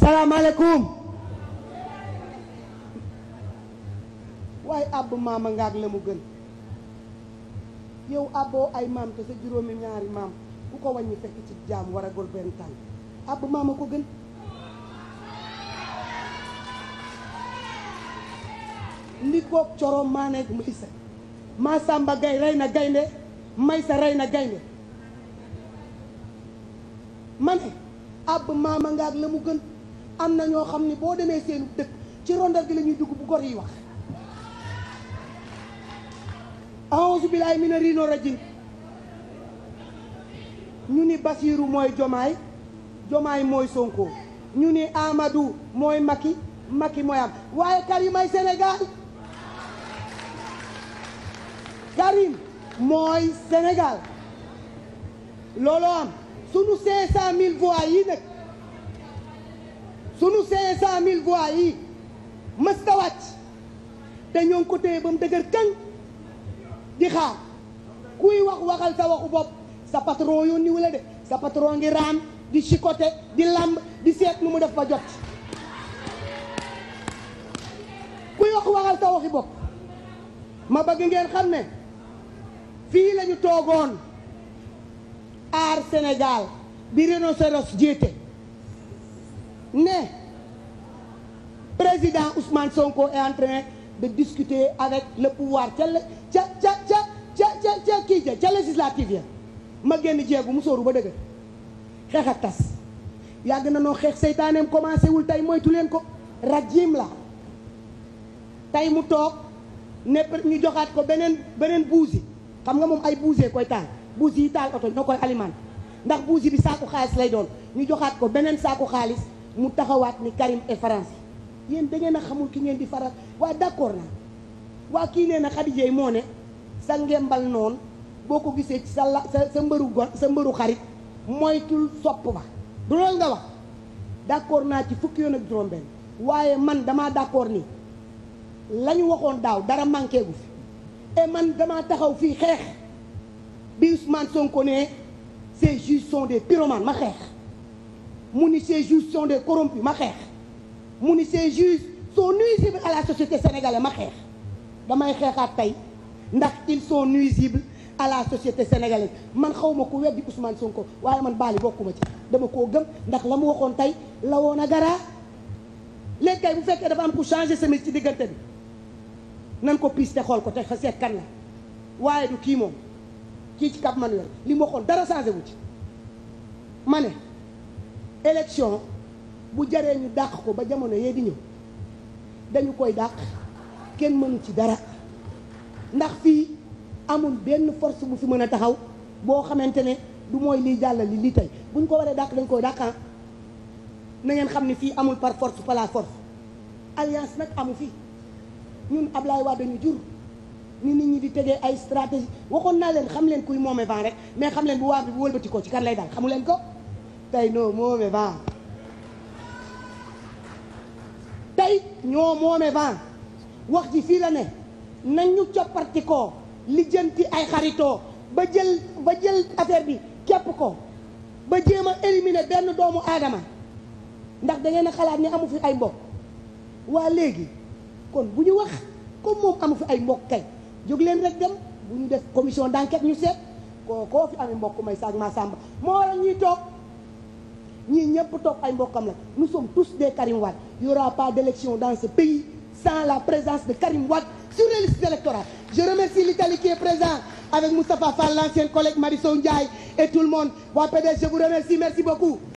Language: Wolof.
salaamaaleykum waaye àbb maama ngaak la mu gën yow àbboo ay maam te sa juróomi ñaari maam ku ko wàññi fekk ci jaam war a gol benn tànk àbb ko gën ndikook coro maaneeg muy set Massamba Gaye rey na gaynde Maysa rey na gaynde ma ne àbb maama nga la mu gën am na ñoo xam ni boo demee seenu dëkk ci rondal gi la ñuy dugg bu gor yi wax a'uuzu billaahi mina riino rajim ñu ni Basiiru mooy Jomaay Jomaay mooy Sonko ñu ni Amadou mooy Macky Macky mooy am waaye Karim ay Sénégal Karim mooy Sénégal looloo am sunu 500000 voix yi nag sunu 500000 voix yi mës ta wàcc te ñoo ko téye ba mu dëgër kañ di xaar kuy wax waxal sa waxu bopp sa patron yónni la de sa patron ngi raam di chicoté di lamb di seet nu mu def ba jot kuy wax waxal sa waxi bopp ma bëgg ngeen xam ne. fii la ñu toogoon aar Sénégal bi rhinocéros jiite ne président Ousmane Sonko est en de discuter avec le pouvoir ca ca ca ca ca ca kii ja ca législative ya ma génn jéegu mu sóoru ba dëgg xeex ak tas yàgg na noo xeex seytaaneem commencé wul tey moytu leen ko rajim la tey mu toog ne ñu joxaat ko beneen beneen buusi xam nga moom ay buuse koy taal buuse yi taal oto ñoo koy ndax buuse bi saaku xaalis lay doon ñu joxaat ko beneen saaku xaalis mu taxawaat ni Karim et France yéen da ngeen a xamul ki ngeen di faral waa d'accord naa waa kii nee na Khadija moo ne sa ngembal noonu boo ko gisee ci sa la sa sa mbëru gon sa mbëru xarit moytul sopp ba du loolu nga wax d'accord naa ci fukk yoon ak juróom-benn waaye man damaa d'accord ni la ñu waxoon daaw dara manqué gu fi et man damaa taxaw fii xeex bi Ousmane Sonko ne ces juges sont des pyromanes ma xeex mu ni ces juges sont des corrompus ma xeex mu ni ces juges sont nuisibles à la société sénégalaise ma xeex damay xeexaat tey ndax ils son nuisibles à la société sénégalaise man xawma ku weddi Ousmane Sonko waaye man baali bokkuma ci dama koo gëm ndax la mu waxoon tey la woon a garaa léegi kay bu fekkee dafa am ku changer chemise ci diggante bi nan ko piis te xool ko te fa seet kan la waaye du kii moom kii ci Cap Manuel li mu waxoon dara changé wu ci ma ne élection bu jaree ñu dàq ko ba jamono yee di ñëw dañu koy dàq kenn mënu ci dara ndax fii amul benn force bu fi mën a taxaw boo xamante ne du mooy lii jàllal li lii tey bu ko waree dàq dañ koy dàq ah. na ngeen xam ne fii amul par force par la force alliance nag amu fii ñun Ablaye Wade dañu jur ni nit ñi di tegee ay stratégie waxoon naa leen xam leen kuy moome vent rek mais xam leen bu waa bi bu wëlbati ko ci kan lay daal xamu ko tey ñoo moome vent tey ñoo moome vent wax ji fii la ne nañ nañu copparti ko lijjanti ay xaritoo ba jël ba jël affaire bi kepp ko ba jéem a éliminer benn doomu aadama ndax da ngeen xalaat ni amu fi ay mbokk waa léegi kon bu ñu wax comme moom amu fi ay mbokk kay jóg leen rek dem bu ñu def commission d'enquête ñu seet koo koo fi amee mbokk may saag Massamba moo waral ñuy toog ñii ñëpp toog ay mbokkam la nous sommes tous des Karim Wade y aura pas d'élection dans ce pays sans la présence de Karim Wade sur les listes électorales je remercie l'Italie qui est présent avec Moustapha Fall l'ancien collègue Marisol Ndiaye et tout le monde waa je vous remercie merci beaucoup